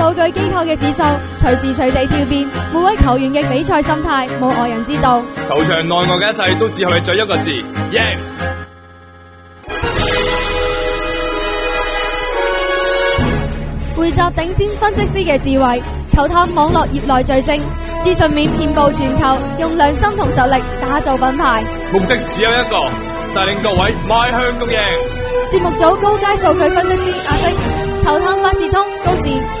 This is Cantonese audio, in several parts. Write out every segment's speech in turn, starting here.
數據機構嘅指數隨時隨地跳變，每位球員嘅比賽心態冇外人知道。球場內外嘅一切都只可以再一個字：贏。匯集頂尖分析師嘅智慧，球探網絡業內最精資訊面遍布全球，用良心同實力打造品牌。目的只有一個，帶領各位邁向共贏。節目組高階數據分析師阿星，球探發事通高士。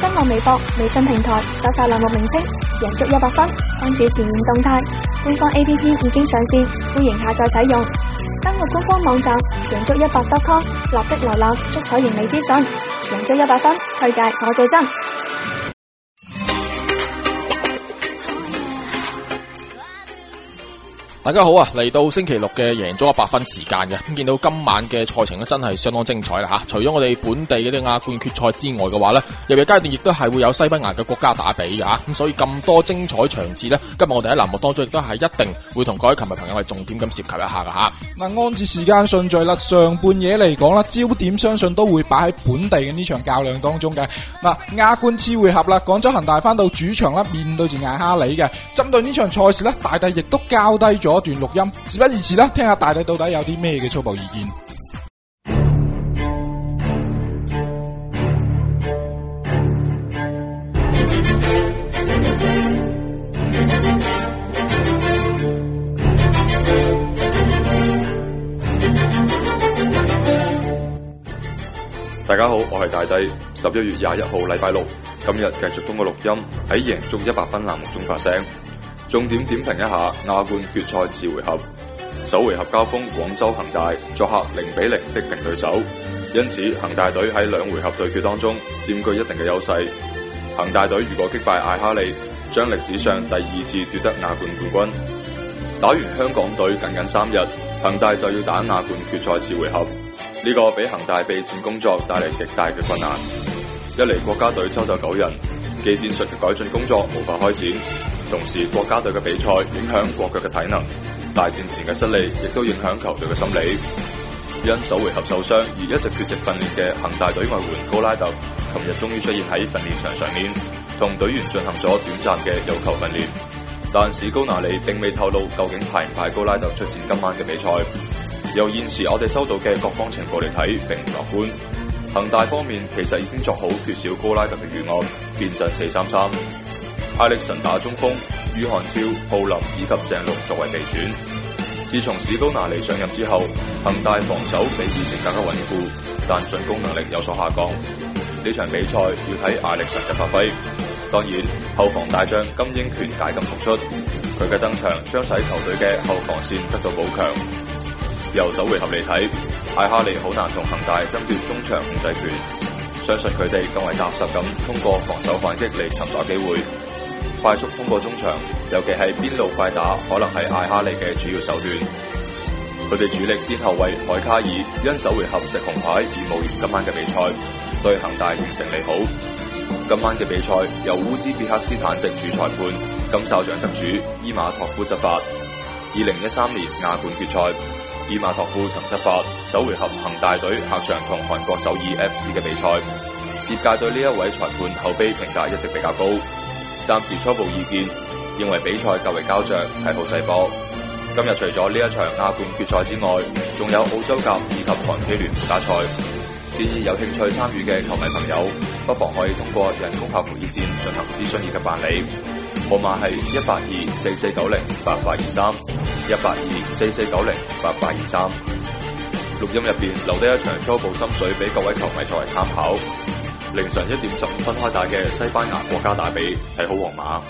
新浪微博、微信平台，搜索欄目名稱“贏足一百分”，關注前沿動態。官方 APP 已經上線，歡迎下載使用。登錄官方網站“贏足一百 .com”，立即瀏覽足彩盈利資訊。贏足一百分，推介我最真。大家好啊！嚟到星期六嘅贏足 100FUN 時間嘅，咁，見到今晚嘅賽程咧，真係相當精彩啦吓！除咗我哋本地嗰啲亞冠決賽之外嘅話呢，入夜階段亦都係會有西班牙嘅國家打比嘅吓，咁所以咁多精彩場次呢，今日我哋喺欄目當中亦都係一定會同各位球迷朋友係重點咁涉及一下噶吓。嗱，按住時間順序啦，上半夜嚟講啦，焦點相信都會擺喺本地嘅呢場較量當中嘅。嗱，亞冠次回合啦，廣州恒大翻到主場啦，面對住艾哈里嘅，針對呢場賽事呢，大帝亦都交低咗。嗰段錄音，事不宜遲啦，聽下大帝到底有啲咩嘅粗暴意見。大家好，我係大帝，十一月廿一號禮拜六，今日繼續通過錄音喺贏足一百分欄目中發聲。重點點評一下亞冠決賽次回合，首回合交鋒廣州恒大作客零比零逼平對手，因此恒大隊喺兩回合對決當中佔據一定嘅優勢。恒大隊如果擊敗艾哈利，將歷史上第二次奪得亞冠冠軍。打完香港隊僅僅三日，恒大就要打亞冠決賽次回合，呢個俾恒大備戰工作帶嚟極大嘅困難。一嚟國家隊抽走九人，技戰術嘅改進工作無法開展。同時，國家隊嘅比賽影響國腳嘅體能，大戰前嘅失利亦都影響球隊嘅心理。因首回合受傷而一直缺席訓練嘅恒大隊外援高拉特，琴日終於出現喺訓練場上面，同隊員進行咗短暫嘅有球訓練。但史高拿里並未透露究竟派唔派高拉特出戰今晚嘅比賽。由現時我哋收到嘅各方情報嚟睇，並唔樂觀。恒大方面其實已經作好缺少高拉特嘅預案，變陣四三三。艾力神打中鋒，于漢超、郜林以及鄭龍作為備選。自從史高拿尼上任之後，恒大防守比以前更加穩固，但進攻能力有所下降。呢場比賽要睇艾力神嘅發揮。當然，後防大將金英權解禁復出，佢嘅登場將使球隊嘅後防線得到補強。由首回合嚟睇，艾哈利好難同恒大爭奪中場控制權，相信佢哋更為踏實咁通過防守反擊嚟尋找機會。快速通過中場，尤其係邊路快打，可能係艾哈利嘅主要手段。佢哋主力邊後衛海卡爾因首回合食紅牌而無緣今晚嘅比賽，對恒大形成利好。今晚嘅比賽由烏茲別克斯坦籍主裁判金哨獎得主伊馬托夫執法。二零一三年亞冠決賽，伊馬托夫曾執法首回合恒大隊客場同韓國首爾 FC 嘅比賽，業界對呢一位裁判口碑評價一直比較高。暫時初步意見認為比賽較為膠着，睇好細波。今日除咗呢一場亞冠決賽之外，仲有澳洲甲以及韓 K 聯附加賽。建議有興趣參與嘅球迷朋友，不妨可以通過人工客服熱線進行諮詢以及辦理。號碼係一八二四四九零八八二三，一八二四四九零八八二三。錄音入邊留低一場初步心水俾各位球迷作為參考。凌晨一點十五分開打嘅西班牙國家打比係好皇馬，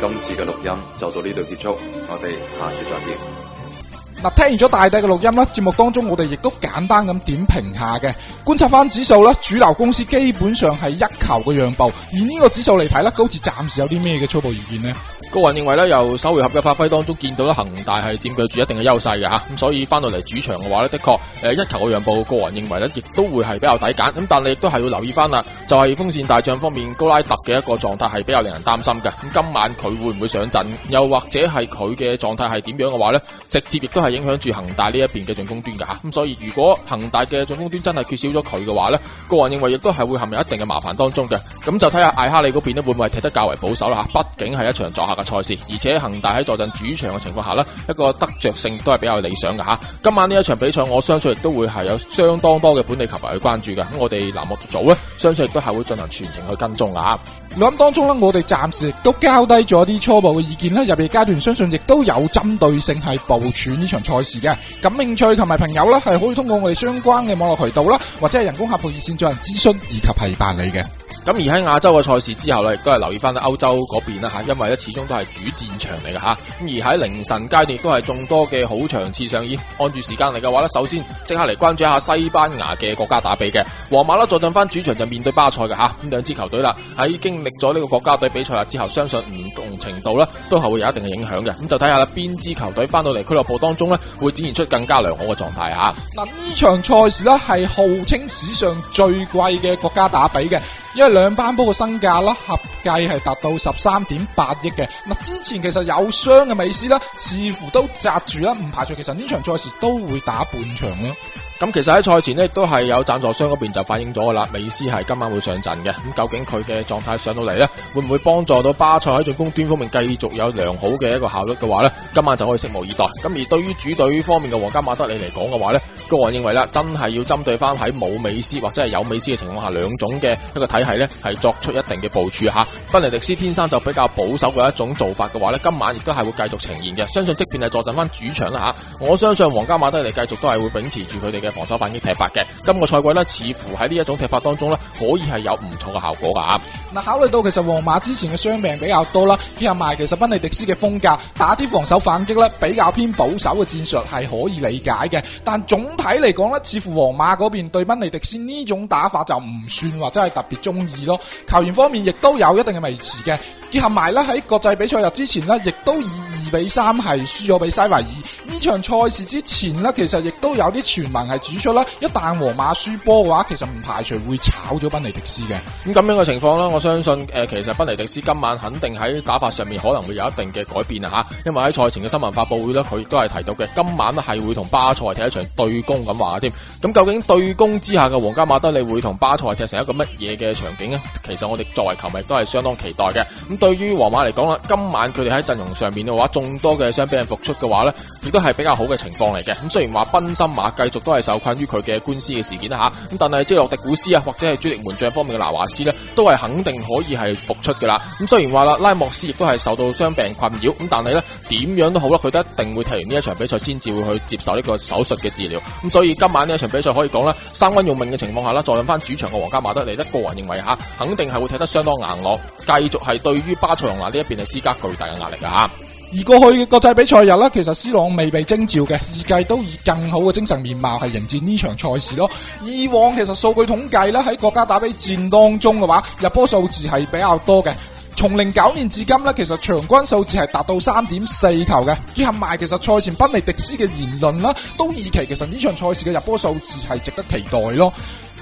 今次嘅錄音就到呢度結束，我哋下次再見。嗱，聽完咗大帝嘅錄音啦，節目當中我哋亦都簡單咁點評下嘅，觀察翻指數啦，主流公司基本上係一球嘅讓步，而呢個指數嚟睇咧，高似暫時有啲咩嘅初步意見？呢個人認為咧，由首回合嘅發揮當中見到咧，恒大係佔據住一定嘅優勢嘅吓，咁所以翻到嚟主場嘅話咧，的確，誒一球嘅讓步，個人認為咧，亦都會係比較抵揀，咁但係亦都係要留意翻啦，就係鋒線大將方面高拉特嘅一個狀態係比較令人擔心嘅，咁今晚佢會唔會上陣，又或者係佢嘅狀態係點樣嘅話咧，直接亦都係影響住恒大呢一邊嘅進攻端嘅吓，咁所以如果恒大嘅進攻端真係缺少咗佢嘅話咧，個人認為亦都係會陷入一定嘅麻煩當中嘅，咁就睇下艾哈利嗰邊咧會唔會踢得較為保守啦吓，畢竟係一場作嘅賽事，而且恒大喺坐鎮主場嘅情況下呢一個得着性都係比較理想嘅吓。今晚呢一場比賽，我相信亦都會係有相當多嘅本地球迷去關注嘅。咁我哋欄目組咧，相信亦都係會進行全程去跟蹤㗎。諗當中呢，我哋暫時都交低咗啲初步嘅意見呢，入邊階段相信亦都有針對性係部署呢場賽事嘅。感興趣同埋朋友呢，係可以通過我哋相關嘅網絡渠道啦，或者係人工客服熱線進行諮詢以及係辦理嘅。咁而喺亞洲嘅賽事之後咧，亦都係留意翻喺歐洲嗰邊啦吓，因為咧始終都係主戰場嚟嘅吓。咁而喺凌晨階段，亦都係眾多嘅好場次上演。按住時間嚟嘅話咧，首先即刻嚟關注一下西班牙嘅國家打比嘅，皇馬啦，坐陣翻主場就面對巴塞嘅吓。咁兩支球隊啦，喺經歷咗呢個國家隊比賽啦之後，相信唔同程度咧都係會有一定嘅影響嘅。咁就睇下啦，邊支球隊翻到嚟俱樂部當中咧，會展現出更加良好嘅狀態吓。嗱，呢場賽事咧係號稱史上最貴嘅國家打比嘅，因為。兩班波嘅身價啦，合計係達到十三點八億嘅。嗱，之前其實有傷嘅美斯啦，似乎都紮住啦，唔排除其實呢場賽事都會打半場咯。咁其實喺賽前咧，亦都係有贊助商嗰邊就反映咗啦。美斯係今晚會上陣嘅，咁究竟佢嘅狀態上到嚟呢？會唔會幫助到巴塞喺進攻端方面繼續有良好嘅一個效率嘅話呢？今晚就可以拭目以待。咁而對於主隊方面嘅皇家馬德里嚟講嘅話呢，個人認為啦，真係要針對翻喺冇美斯或者係有美斯嘅情況下，兩種嘅一個體系呢，係作出一定嘅部署吓。賓尼迪斯天生就比較保守嘅一種做法嘅話呢，今晚亦都係會繼續呈現嘅。相信即便係坐陣翻主場啦吓，我相信皇家馬德里繼續都係會秉持住佢哋。防守反擊踢法嘅，今個賽季咧，似乎喺呢一種踢法當中咧，可以係有唔錯嘅效果噶吓。嗱，考慮到其實皇馬之前嘅傷病比較多啦，結合埋其實賓尼迪斯嘅風格，打啲防守反擊咧，比較偏保守嘅戰術係可以理解嘅。但總體嚟講咧，似乎皇馬嗰邊對賓尼迪斯呢種打法就唔算或者係特別中意咯。球員方面亦都有一定嘅微詞嘅，結合埋咧喺國際比賽日之前咧，亦都以。二比三係輸咗俾西維爾。呢場賽事之前呢，其實亦都有啲傳聞係指出啦，一旦皇馬輸波嘅話，其實唔排除會炒咗賓尼迪斯嘅。咁咁、嗯、樣嘅情況啦，我相信誒、呃，其實賓尼迪斯今晚肯定喺打法上面可能會有一定嘅改變吓、啊，因為喺賽前嘅新聞發布會呢，佢亦都係提到嘅，今晚咧係會同巴塞踢一場對攻咁話添。咁、啊、究竟對攻之下嘅皇家馬德里會同巴塞踢成一個乜嘢嘅場景呢？其實我哋作為球迷都係相當期待嘅。咁對於皇馬嚟講啦，今晚佢哋喺陣容上面嘅話，眾多嘅傷病復出嘅話呢，亦都係比較好嘅情況嚟嘅。咁雖然話賓心馬繼續都係受困於佢嘅官司嘅事件吓咁，但係即係洛迪古斯啊，或者係主力門將方面嘅拿華斯呢，都係肯定可以係復出噶啦。咁雖然話啦，拉莫斯亦都係受到傷病困擾，咁但係呢點樣都好啦，佢都一定會踢完呢一場比賽，先至會去接受呢個手術嘅治療。咁所以今晚呢一場比賽可以講啦，三軍用命嘅情況下啦，再上翻主場嘅皇家馬德里，我個人認為吓，肯定係會踢得相當硬朗，繼續係對於巴塞羅那呢一邊係施加巨大嘅壓力啊！吓。而過去嘅國際比賽日呢，其實斯朗未被徵召嘅，預計都以更好嘅精神面貌係迎戰呢場賽事咯。以往其實數據統計呢，喺國家打比戰當中嘅話，入波數字係比較多嘅。從零九年至今呢，其實場均數字係達到三點四球嘅。結合埋其實賽前賓尼迪斯嘅言論啦，都預期其實呢場賽事嘅入波數字係值得期待咯。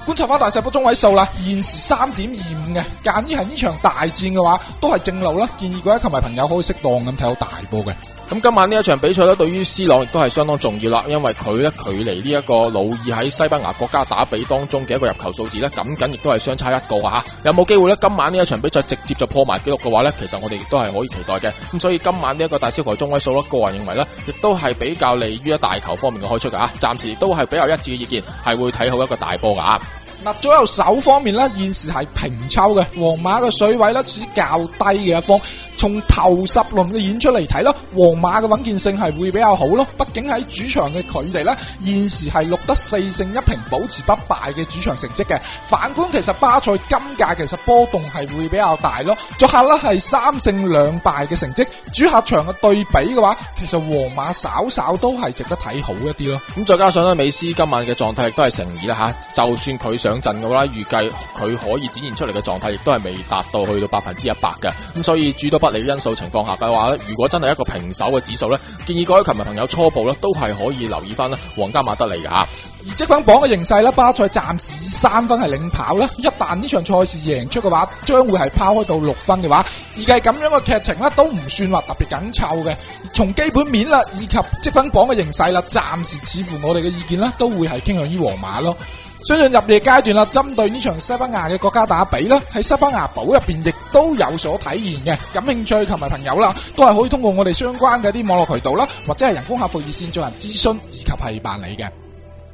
觀察翻大細波中位數啦，現時三點二五嘅，鑑於係呢場大戰嘅話，都係正路啦。建議各位球迷朋友可以適當咁睇好大波嘅。咁今晚呢一場比賽咧，對於 C 朗亦都係相當重要啦，因為佢咧距離呢一個魯爾喺西班牙國家打比當中嘅一個入球數字咧，僅僅亦都係相差一個吓、啊。有冇機會咧？今晚呢一場比賽直接就破埋紀錄嘅話咧，其實我哋亦都係可以期待嘅。咁所以今晚呢一個大細波中位數咧，個人認為咧，亦都係比較利於一大球方面嘅開出嘅吓、啊。暫時都係比較一致嘅意見，係會睇好一個大波噶。啊嗱，左右手方面咧，現時係平抽嘅，皇馬嘅水位咧似較低嘅一方。從頭十輪嘅演出嚟睇咯，皇馬嘅穩健性係會比較好咯，畢竟喺主場嘅佢哋呢現時係錄得四勝一平，保持不敗嘅主場成績嘅。反觀其實巴塞今屆其實波動係會比較大咯，作客咧係三勝兩敗嘅成績。主客場嘅對比嘅話，其實皇馬稍稍都係值得睇好一啲咯。咁再加上咧，美斯今晚嘅狀態亦都係成疑啦吓，就算佢上陣嘅話咧，預計佢可以展現出嚟嘅狀態，亦都係未達到去到百分之一百嘅。咁所以主到不利因素情況下，嘅話咧，如果真係一個平手嘅指數咧，建議各位球迷朋友初步咧都係可以留意翻咧皇家馬德里嘅吓。而積分榜嘅形勢咧，巴塞暫時三分係領跑咧，一旦呢場賽事贏出嘅話，將會係拋開到六分嘅話，而計咁樣嘅劇情咧，都唔算話特別緊湊嘅。從基本面啦，以及積分榜嘅形勢啦，暫時似乎我哋嘅意見咧，都會係傾向於皇馬咯。相信入夜階段啦，針對呢場西班牙嘅國家打比啦，喺西班牙堡入邊亦都有所體現嘅。感興趣同埋朋友啦，都係可以通過我哋相關嘅啲網絡渠道啦，或者係人工客服熱線進行諮詢以及係辦理嘅。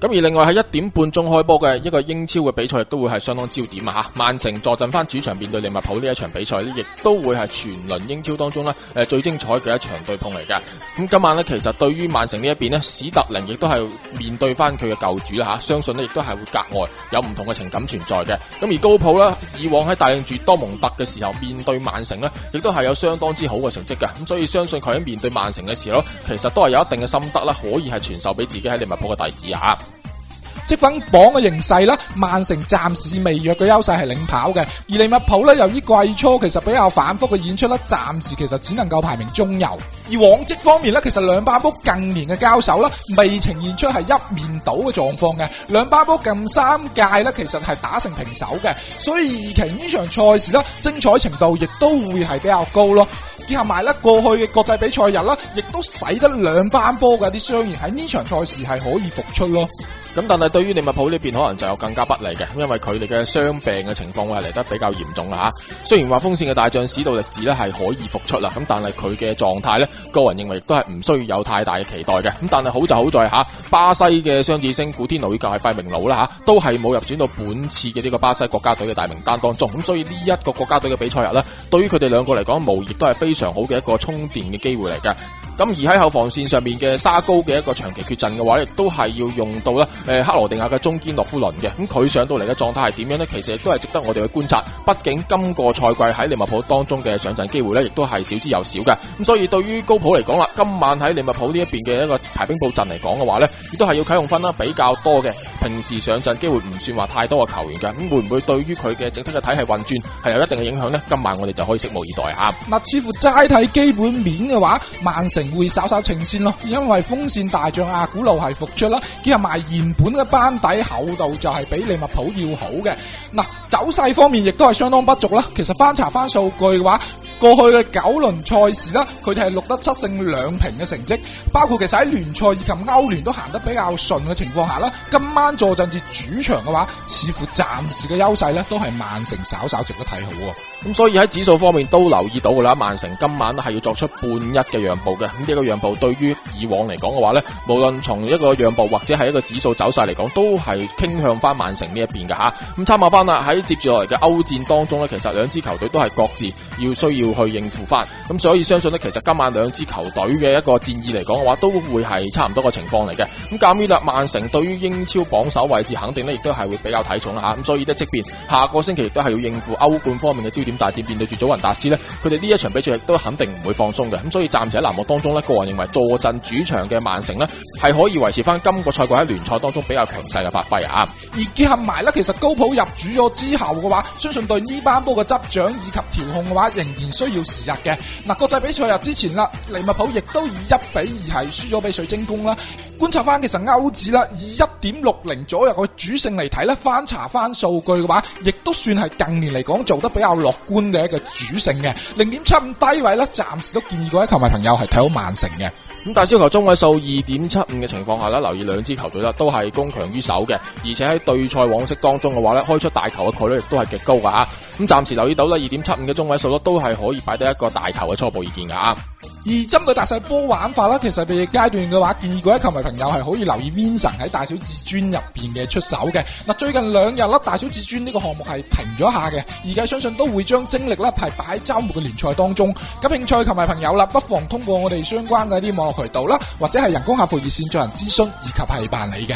咁而另外喺一點半鐘開波嘅一個英超嘅比賽亦都會係相當焦點啊！曼城坐鎮翻主場面對利物浦呢一場比賽亦都會係全輪英超當中最精彩嘅一場對碰嚟嘅。咁今晚呢其實對於曼城呢一邊呢史特林亦都係面對翻佢嘅舊主啦，相信亦都係會格外有唔同嘅情感存在嘅。咁而高普呢以往喺帶領住多蒙特嘅時候面對曼城亦都係有相當之好嘅成績嘅。咁所以相信佢喺面對曼城嘅時候，其實都係有一定嘅心得啦，可以係傳授俾自己喺利物浦嘅弟子啊！積分榜嘅形勢啦，曼城暫時未弱嘅優勢係領跑嘅，而利物浦咧由於季初其實比較反覆嘅演出啦，暫時其實只能夠排名中游。而往績方面咧，其實兩巴波近年嘅交手啦，未呈現出係一面倒嘅狀況嘅，兩巴波近三屆咧其實係打成平手嘅，所以預期這場賽呢場賽事咧精彩程度亦都會係比較高咯。結合埋啦，過去嘅國際比賽日啦，亦都使得兩班波嘅啲傷員喺呢場賽事係可以復出咯。咁但係對於利物浦呢邊，可能就有更加不利嘅，因為佢哋嘅傷病嘅情況係嚟得比較嚴重啊！吓，雖然話鋒綫嘅大將史度力治咧係可以復出啦，咁但係佢嘅狀態咧，個人認為都係唔需要有太大嘅期待嘅。咁但係好就好在吓，巴西嘅雙子星古天奴以及係費明奴啦吓，都係冇入選到本次嘅呢個巴西國家隊嘅大名單當中。咁所以呢一個國家隊嘅比賽日咧，對於佢哋兩個嚟講，無疑都係非。非常好嘅一個充電嘅機會嚟嘅，咁而喺後防線上面嘅沙高嘅一個長期缺陣嘅話咧，都係要用到啦。誒，克羅地亞嘅中堅諾夫倫嘅，咁佢上到嚟嘅狀態係點樣呢？其實亦都係值得我哋去觀察。畢竟今個賽季喺利物浦當中嘅上陣機會咧，亦都係少之又少嘅。咁所以對於高普嚟講啦，今晚喺利物浦呢一邊嘅一個排兵布陣嚟講嘅話咧，亦都係要啟用分啦比較多嘅。平時上陣機會唔算話太多嘅球員嘅，咁會唔會對於佢嘅整體嘅體系運轉係有一定嘅影響呢？今晚我哋就可以拭目以待吓。嗱，似乎齋睇基本面嘅話，曼城會稍稍領先咯，因為鋒線大將阿、啊、古路係復出啦，兼埋原本嘅班底厚度就係比利物浦要好嘅。嗱，走勢方面亦都係相當不俗啦。其實翻查翻數據嘅話。過去嘅九輪賽事啦，佢哋係錄得七勝兩平嘅成績，包括其實喺聯賽以及歐聯都行得比較順嘅情況下啦，今晚坐陣至主場嘅話，似乎暫時嘅優勢咧都係曼城稍稍值得睇好。咁、嗯、所以喺指數方面都留意到噶啦，曼城今晚係要作出半一嘅讓步嘅。咁、嗯、呢、這個讓步對於以往嚟講嘅話咧，無論從一個讓步或者係一個指數走勢嚟講，都係傾向翻曼城呢一邊嘅吓。咁、啊嗯、參考翻啦，喺接住落嚟嘅歐戰當中咧，其實兩支球隊都係各自要需要去應付翻。咁、嗯、所以相信咧，其實今晚兩支球隊嘅一個戰役嚟講嘅話，都會係差唔多嘅情況嚟嘅。咁鑒於啦，曼城對於英超榜首位置肯定咧，亦都係會比較睇重啦吓。咁、啊嗯、所以咧，即便下個星期都係要應付歐冠方面嘅焦點大戰面對住祖雲達斯呢，佢哋呢一場比賽亦都肯定唔會放鬆嘅。咁所以暫時喺藍幕當中咧，個人認為坐鎮主場嘅曼城呢，係可以維持翻今個賽季喺聯賽當中比較強勢嘅發揮啊。而結合埋呢，其實高普入主咗之後嘅話，相信對呢班波嘅執掌以及調控嘅話，仍然需要時日嘅。嗱，國際比賽日之前啦，利物浦亦都以一比二係輸咗俾水晶宮啦。觀察翻其實歐指啦，以一點六零左右嘅主勝嚟睇呢，翻查翻數據嘅話，亦都算係近年嚟講做得比較落。官咧，嘅主勝嘅零點七五低位啦，暫時都建議各位球迷朋友係睇好曼城嘅。咁但係大小球中位數二點七五嘅情況下呢，留意兩支球隊啦，都係攻強於守嘅，而且喺對賽往昔當中嘅話呢，開出大球嘅概率亦都係極高噶吓、啊。咁暫時留意到咧，二點七五嘅中位數都都係可以擺低一個大球嘅初步意見噶、啊。而針對大細波玩法啦，其實第二階段嘅話，建議各位球迷朋友係可以留意 Vincent 喺大小至尊入面嘅出手嘅。嗱，最近兩日啦，大小至尊呢個項目係停咗下嘅，而家相信都會將精力咧係擺喺周末嘅聯賽當中。咁興趣球迷朋友啦，不妨通過我哋相關嘅啲網絡渠道啦，或者係人工客服熱線進行諮詢以及係辦理嘅。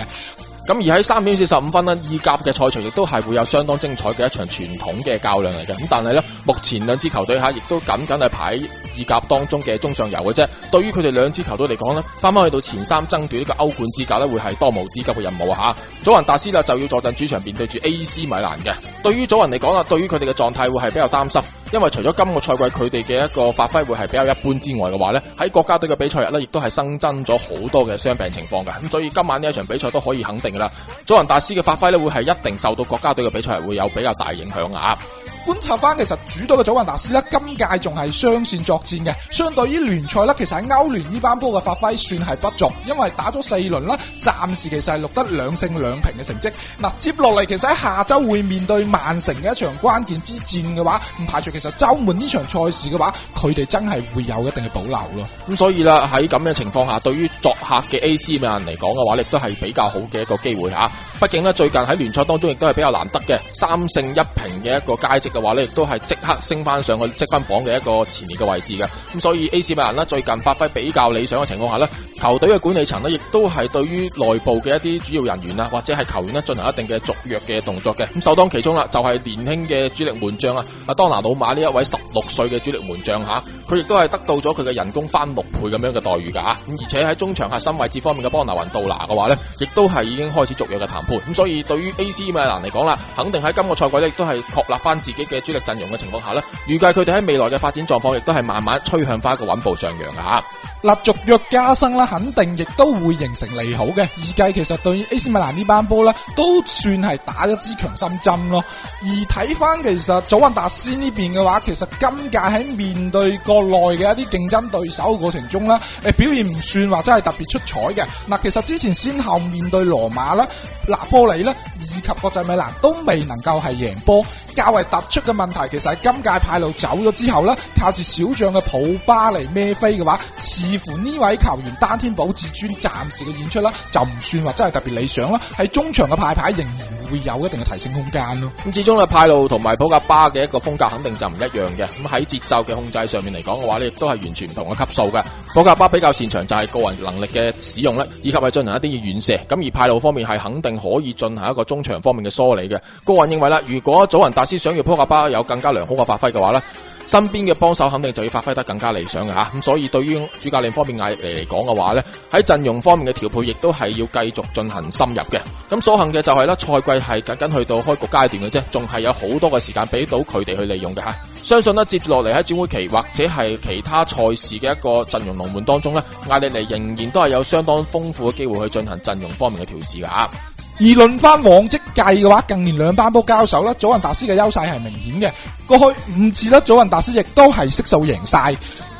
咁而喺三點四十五分呢，意甲嘅賽場亦都係會有相當精彩嘅一場傳統嘅較量嚟嘅。咁但係呢，目前兩支球隊吓亦都僅僅係排喺意甲當中嘅中上游嘅啫。對於佢哋兩支球隊嚟講呢，翻翻去到前三爭奪呢個歐冠資格呢，會係當務之急嘅任務啊！吓，祖雲達斯就要坐鎮主場面對住 A C 米蘭嘅。對於祖雲嚟講啦，對於佢哋嘅狀態會係比較擔心。因為除咗今個賽季佢哋嘅一個發揮會係比較一般之外嘅話呢，喺國家隊嘅比賽日呢亦都係新增咗好多嘅傷病情況嘅，咁所以今晚呢一場比賽都可以肯定噶啦，祖雲達斯嘅發揮咧會係一定受到國家隊嘅比賽係會有比較大影響啊。觀察翻，其實主隊嘅祖雲達斯呢，今屆仲係雙綫作戰嘅。相對於聯賽呢，其實喺歐聯呢班波嘅發揮算係不俗，因為打咗四輪啦，暫時其實係錄得兩勝兩平嘅成績。嗱，接落嚟其實喺下周會面對曼城嘅一場關鍵之戰嘅話，唔排除其實周末呢場賽事嘅話，佢哋真係會有一定嘅保留咯。咁所以啦，喺咁嘅情況下，對於作客嘅 A.C. 米蘭嚟講嘅話，亦都係比較好嘅一個機會吓。畢竟呢，最近喺聯賽當中亦都係比較難得嘅三勝一平嘅一個佳績。嘅話呢，亦都係即刻升翻上去積分榜嘅一個前面嘅位置嘅。咁、嗯、所以 AC 米蘭呢，最近發揮比較理想嘅情況下呢，球隊嘅管理層呢，亦都係對於內部嘅一啲主要人員啊，或者係球員呢，進行一定嘅續約嘅動作嘅。咁、嗯、首當其衝啦，就係、是、年輕嘅主力門將啊，阿當拿魯馬呢一位十六歲嘅主力門將吓，佢亦都係得到咗佢嘅人工翻六倍咁樣嘅待遇噶吓。咁、啊、而且喺中場核心位置方面嘅邦拿雲杜拿嘅話呢，亦都係已經開始續約嘅談判。咁、嗯、所以對於 AC 米蘭嚟講啦，肯定喺今個賽季亦都係確立翻自己。嘅主力陣容嘅情況下咧，預計佢哋喺未來嘅發展狀況亦都係慢慢趨向翻一個穩步上揚嘅吓。立續約加薪啦，肯定亦都會形成利好嘅。預計其實對於 AC 米蘭呢班波呢都算係打一支強心針咯。而睇翻其實祖雲達斯呢邊嘅話，其實今屆喺面對國內嘅一啲競爭對手嘅過程中誒、呃、表現唔算話真係特別出彩嘅。嗱，其實之前先後面對羅馬啦、那波里呢以及國際米蘭都未能夠係贏波，較為突出嘅問題其實係今屆派路走咗之後呢靠住小將嘅普巴嚟孭飛嘅話，似。似乎呢位球員單天保至尊暫時嘅演出啦，就唔算話真係特別理想啦。喺中場嘅派牌仍然會有一定嘅提升空間咯。咁始終咧，派路同埋普格巴嘅一個風格肯定就唔一樣嘅。咁喺節奏嘅控制上面嚟講嘅話咧，亦都係完全唔同嘅級數嘅。普格巴比較擅長就係個人能力嘅使用啦，以及係進行一啲嘅遠射。咁而派路方面係肯定可以進行一個中場方面嘅梳理嘅。個人認為啦，如果祖雲達斯想要普格巴有更加良好嘅發揮嘅話咧，身邊嘅幫手肯定就要發揮得更加理想嘅吓，咁所以對於主教練方面艾力尼嚟講嘅話呢，喺陣容方面嘅調配亦都係要繼續進行深入嘅。咁所幸嘅就係、是、咧，賽季係僅僅去到開局階段嘅啫，仲係有好多嘅時間俾到佢哋去利用嘅吓。相信咧，接住落嚟喺轉會期或者係其他賽事嘅一個陣容龍門當中咧，艾力尼仍然都係有相當豐富嘅機會去進行陣容方面嘅調試嘅吓。而論翻往績計嘅話，近年兩班波交手啦，祖雲達斯嘅優勢係明顯嘅。過去五次祖雲達斯亦都係悉數贏曬。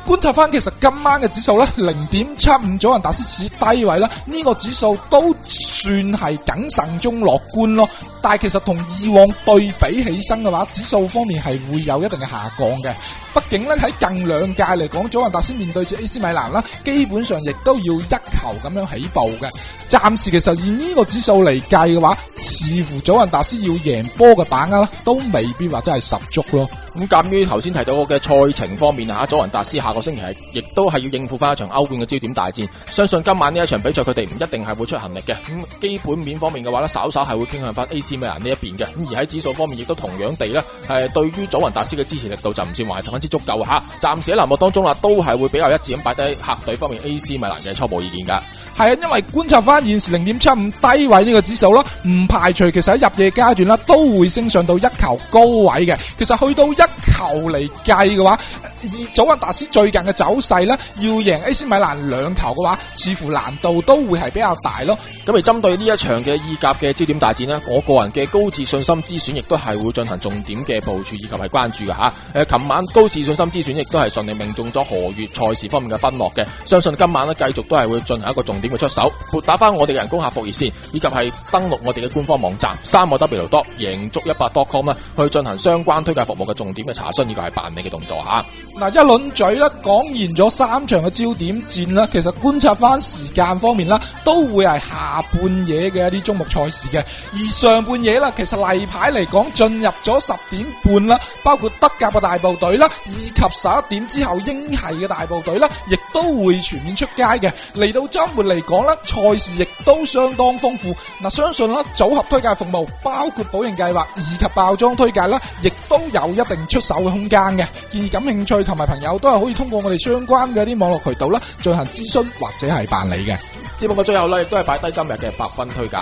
觀察翻，其實今晚嘅指數咧零點七五，祖雲達斯指低位啦。呢個指數都算係謹慎中樂觀咯。但係其實同以往對比起身嘅話，指數方面係會有一定嘅下降嘅。畢竟咧喺近兩屆嚟講，祖雲達斯面對住 AC 米蘭啦，基本上亦都要一球咁樣起步嘅。暫時其實以呢個指數嚟計嘅話，似乎祖雲達斯要贏波嘅把握啦，都未必話真係十足咯。咁鑒於頭先提到嘅賽程方面吓，祖雲達斯下個星期係亦都係要應付翻一場歐冠嘅焦點大戰，相信今晚呢一場比賽佢哋唔一定係會出行力嘅。咁基本面方面嘅話咧，稍稍係會傾向翻 A.C 米蘭呢一邊嘅。咁而喺指數方面，亦都同樣地咧，係對於祖雲達斯嘅支持力度就唔算話十分之足夠吓。暫時喺欄目當中啦，都係會比較一致咁擺低客隊方面 A.C 米蘭嘅初步意見噶。係啊，因為觀察翻現時零點七五低位呢個指數啦，唔排除其實喺入夜階段啦，都會升上到一球高位嘅。其實去到一球嚟計嘅話，以祖雲達斯最近嘅走勢咧，要贏 AC 米蘭兩球嘅話，似乎難度都會係比較大咯。咁而針對呢一場嘅意甲嘅焦點大戰呢，我個人嘅高自信心之選亦都係會進行重點嘅部署以及係關注嘅吓、啊。誒、呃，琴晚高自信心之選亦都係順利命中咗荷乙賽事方面嘅分落嘅，相信今晚呢，繼續都係會進行一個重點嘅出手。撥打翻我哋嘅人工客服熱線，以及係登錄我哋嘅官方網站三個 W 多贏足一百 dot com 去進行相關推介服務嘅重。點去查詢呢個係扮理嘅動作吓，嗱、啊、一輪嘴啦，講完咗三場嘅焦點戰啦，其實觀察翻時間方面啦，都會係下半夜嘅一啲中目賽事嘅，而上半夜啦，其實例牌嚟講進入咗十點半啦，包括德甲嘅大部隊啦，以及十一點之後英系嘅大部隊啦，亦都會全面出街嘅，嚟到周末嚟講咧，賽事亦。都相當豐富嗱，相信咧組合推介服務，包括保險計劃以及包裝推介啦，亦都有一定出手嘅空間嘅。建議感興趣同埋朋友都係可以通過我哋相關嘅啲網絡渠道啦，進行諮詢或者係辦理嘅。只不過最後咧，亦都係擺低今日嘅百分推介，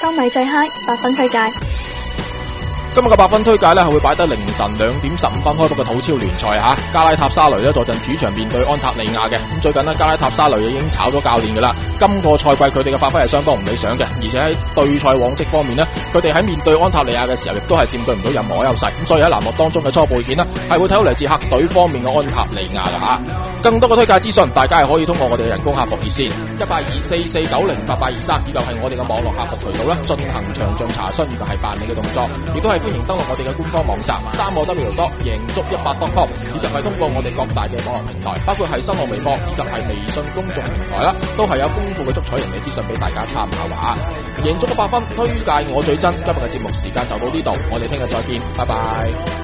收米最 high，百分推介。今日嘅八分推介呢係會擺得凌晨兩點十五分開幕嘅土超聯賽吓，加拉塔沙雷呢坐陣主場面對安塔利亞嘅。咁最近呢，加拉塔沙雷已經炒咗教練噶啦。今個賽季佢哋嘅發揮係相當唔理想嘅，而且喺對賽往績方面呢，佢哋喺面對安塔利亞嘅時候亦都係佔據唔到任何優勢。咁所以喺欄目當中嘅初步意見呢係會睇到嚟自客隊方面嘅安塔利亞啦吓。更多嘅推介資訊，大家係可以通過我哋嘅人工客服熱線一八二四四九零八八二三，23，以及係我哋嘅網絡客服渠道呢進行詳盡查詢，以及係辦理嘅動作，亦都係。歡迎登錄我哋嘅官方網站三個 W 多贏足一百 .com，以及係通過我哋各大嘅網絡平台，包括係新浪微博，以及係微信公眾平台啦，都係有豐富嘅足彩人嘅資訊俾大家參考下。贏足一百分，推介我最真。今日嘅節目時間就到呢度，我哋聽日再見，拜拜。